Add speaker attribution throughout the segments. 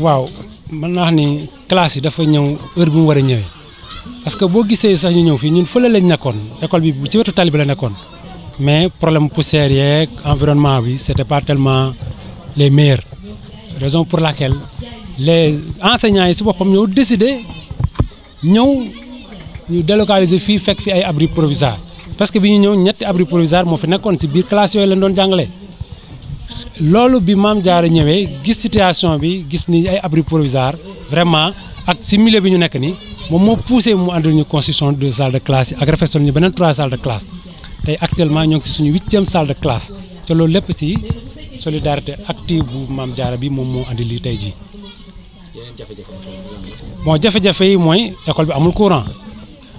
Speaker 1: waaw mën naa ni classe yi dafa ñëw heure bi mu war a ñëwee parce que boo gisee sax ñu ñëw fii ñun fële lañ nekkoon école bi ci wetu tali bi la nekkoon mais problème poussière yeeg environnement bi c'était pas tellement les meilleurs raison pour la laquelle les enseignants yi si boppam ñoo décidé ñëw ñu délocaliser fii fekk fi ay abri provisoire parce que bi ñu ñëw ñetti abri provisoire moo fi nekkoon si biir classe yooyu lañ doon jàngalee. loolu bi Maam Jaara ñëwee gis situation bi gis ni ay abri provisoire vraiment ak si bi ñu nekk ni moom moo poussé mu àndal ñu construction de salle de classe yi ak rafetal ñu beneen trois salles de classe tey actuellement ñoo ngi si suñu huitième salle de classe te loolu lépp si solidarité active bu Maam Jaara bi moom moo andi lii tey ji bon jafe-jafe yi mooy école bi amul courant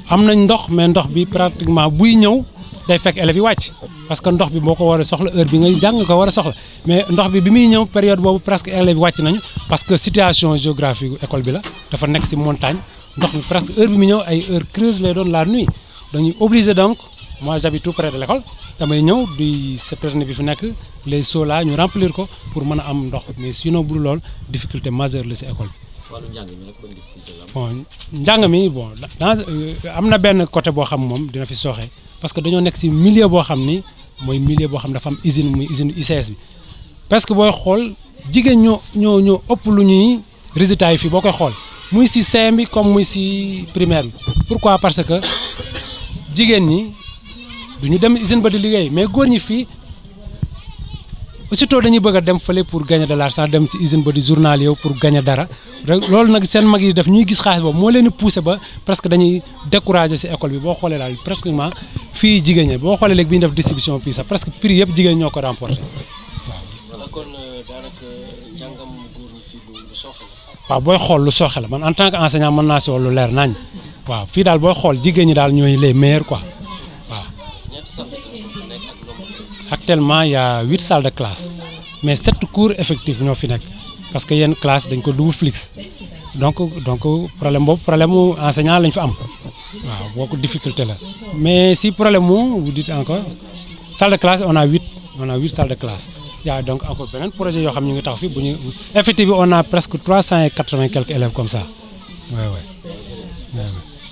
Speaker 1: am nañ ndox mais ndox bi pratiquement buy ñëw. day fekk élèves yi wàcc parce que ndox bi boo ko war a soxla heure bi nga jàng ko war a soxla mais ndox bi bi muy ñëw période boobu presque élèves yi wàcc nañu parce que situation géographique école bi la dafa nekk si montagne ndox bi presque heure mu ñëw ay heure creuse lay doon la dañuy obligé donc mois j'habite tout près de l'école damay ñëw di citerne bi fi nekk les seaux ñu remplir ko pour mën a am ndox mais sinon bu lool difficulté majeure la si école bi bon njàng mi bon dans euh, am na benn côté boo xam moom dina fi sooxe parce que dañoo nekk si milieu boo xam ni mooy milieu boo xam dafa am usine muy usine ICS bi parce que booy xool jigéen ñoo ñoo ñoo ëpp lu ñuy résultat yi fii boo koy xool muy si CM bi comme muy si primaire bi pourquoi parce que jigéen ñi du ñu dem usine ba di liggéey mais góor ñi fii aussitôt dañuy bëgg a dem fële pour gagner de l'argent dem si usine ba di journal yow pour gagner dara loolu nag seen mag yi def ñuy gis xaalis boobu moo leen di pousser ba presque dañuy décourager si école bi boo xoolee daal pratiquement fii jigéen ñi boo xoolee léegi bi ñu def distribution bi sax presque prix yëpp jigéen ñoo ko remporté euh, waaw. kon daanaka booy xool lu sooxe la man en tant que enseignant mën naa si wàllu leer nañ waaw fii daal booy xool jigéen ñi daal ñooy lay meilleurs quoi. actuellement il y a huit salles de classe mais sept cours effective ñoo fi nekk parce que yenn classe dañ ko double flux donc donc problème boobu problème mu enseignant lañ fa am waaw booku difficulté la mais si problème mu vous dites encore salle de classe on a huit on a huit salles de classe yaa donc encore beneen projet yoo xam ñu ngi tax fii bu ñu effectif bi on a presque trois cent et quatre-vingt quelques élèves comme ça waaw waaw